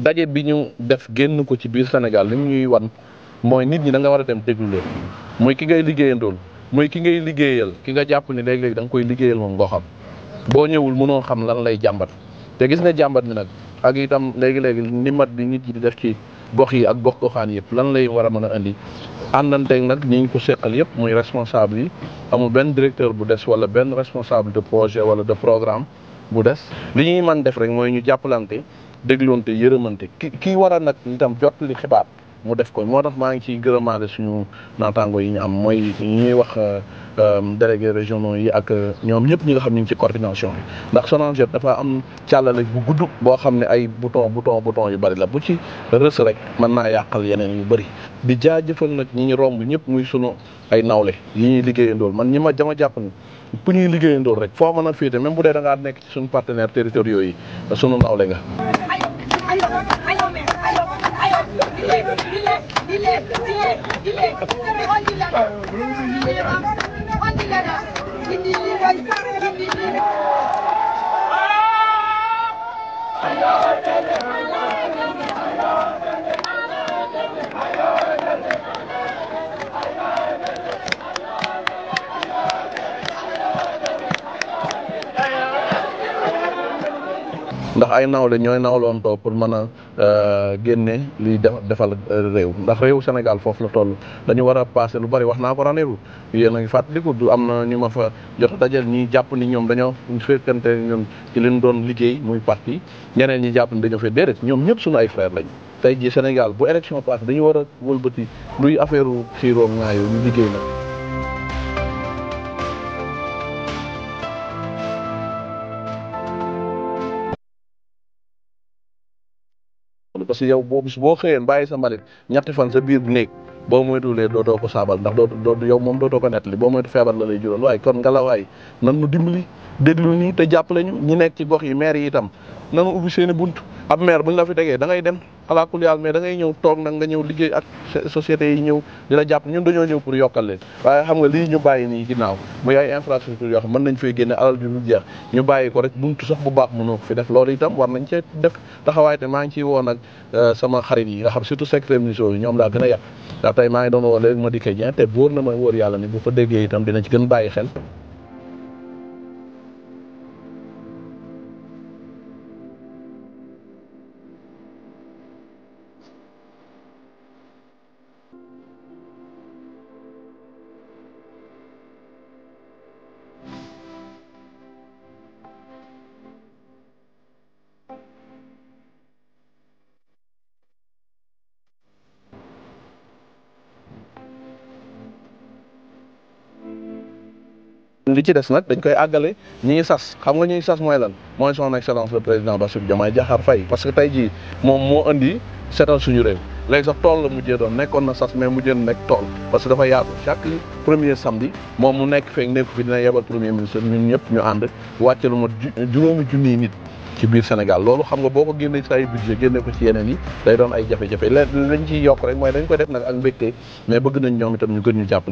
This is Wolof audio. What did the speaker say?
dajé bi def génn ko ci biir sénégal lim ñuy wan moy nit ñi da nga wara dem déglu leen moy ki ngay liggéeyandool moy ki ngay liggéeyal ki nga japp ni lég lég da nga koy liggéeyal mom go xam bo ñewul mëno xam lan lay jambat té gis nga jambat ni nak ak itam lég lég ni mat bi nit ñi di def ci gox yi ak gox xaan yépp lan lay wara mëna andi andante indi àndanteeg nag ñi ngi ko sékkal yépp moy responsable yi amul directeur bu dess wala ben responsable de projet wala de programme bu dess li ñi man def rek moy ñu jappalanté dégluwante yërëmante ki kii war a nag itam jot li xibaar mu def ko moo tax maa ngi ciy gërëmaale suñu naataango yi ñu am mooy ñuy wax délégué régionaux yi ak ñoom ñëpp ñu nga xam ñu ngi ci coordination bi ndax Sonaged dafa am càllale bu gudd boo xam ne ay bouton bouton bouton yu bari la bu ci rës rek mën naa yàqal yeneen yu bari di jaa jëfal nag ñi ñu romb ñëpp muy sunu ay nawle yi ñuy liggéeyandool man ñi ma dama jàpp ni bu ñuy liggéeyandool rek foo mën a féete même bu dee da ngaa nekk ci suñu partenaires territoriaux yi sunu nawle nga Ayo, dilek, dilek, dilek, dilek, dilek. Tapi pour mëna Euh, génne liy defal réew ndax réew Sénégal foofu la toll dañu war a lu bari wax naa ko rendez-vous yéen a ngi fàttaliku du am na ñu ma fa jot a dajal ñi jàpp ni ñoom dañoo fekkante ñoom ci leen doon liggéey muy parti ñeneen ñi jàpp ni dañoo fee déedéet ñoom ñëpp suñu ay frère lañ tey ji Sénégal bu élection passé dañu war a wëlbati luy affaire u xiiroo ŋaayoo ñu liggéey na noppalu parce que yow boo bis boo xëyeen bàyyi sa mbalit ñetti fan sa biir néeg boo moytuwulee lee doo ko saabal ndax doo doo yow moom doo doo ko nettali boo moytu feebar la lay jural waaye kon ngelawaay nan nu dimbali déglu ñu te jàpp jàppale ñu ñi nekk ci gox yi maire yi itam na nga ubbi seen i bunt ab maire buñ la fi degee da ngay dem alaakul yàlla mais da ngay ñëw toog nag nga ñëw liggéey ak société yi ñëw dina la jàpp ñun dañoo ñëw pour yokkal waaye xam nga lii ñu bàyyi nii ginnaaw muy ay infrastructure yoo mën nañ fay génne alal ju dul jeex ñu bàyyi ko rek buntu sax bu baax mënoo fi def loolu itam war nañ cee def taxawaay te maa ngi ciy woo nag euh, sama xarit yi nga xam surtout secrétaire municipal yi ñoom laa gën a yàq ndax tey maa ngi doon woo léegi ma dikkee na ma wóor yàlla ni bu ko déggee itam dina ci gën bàyyi xel li ci dess nak dañ koy agalé ñi sas xam nga ñi sas moy lan moy son excellence le président bassou Diomaye Diakhar fay parce que tay ji mom mo andi sétal suñu rew légui sax toll jé doon nekkon na sas mais mu jé nek toll parce que dafa yaatu chaque premier samedi mom mu nek fek nekk fi dina yabal premier ministre ñun ñëpp ñu and wàcce lu ma juroomi junni nit ci biir Sénégal loolu xam nga boko génné ci ay budget génné ko ci yeneen yi day doon ay jafé jafé lañ ci yok rek moy dañ ko def nak ak mbékté mais bëgg nañ ñoom itam ñu gën ñu japp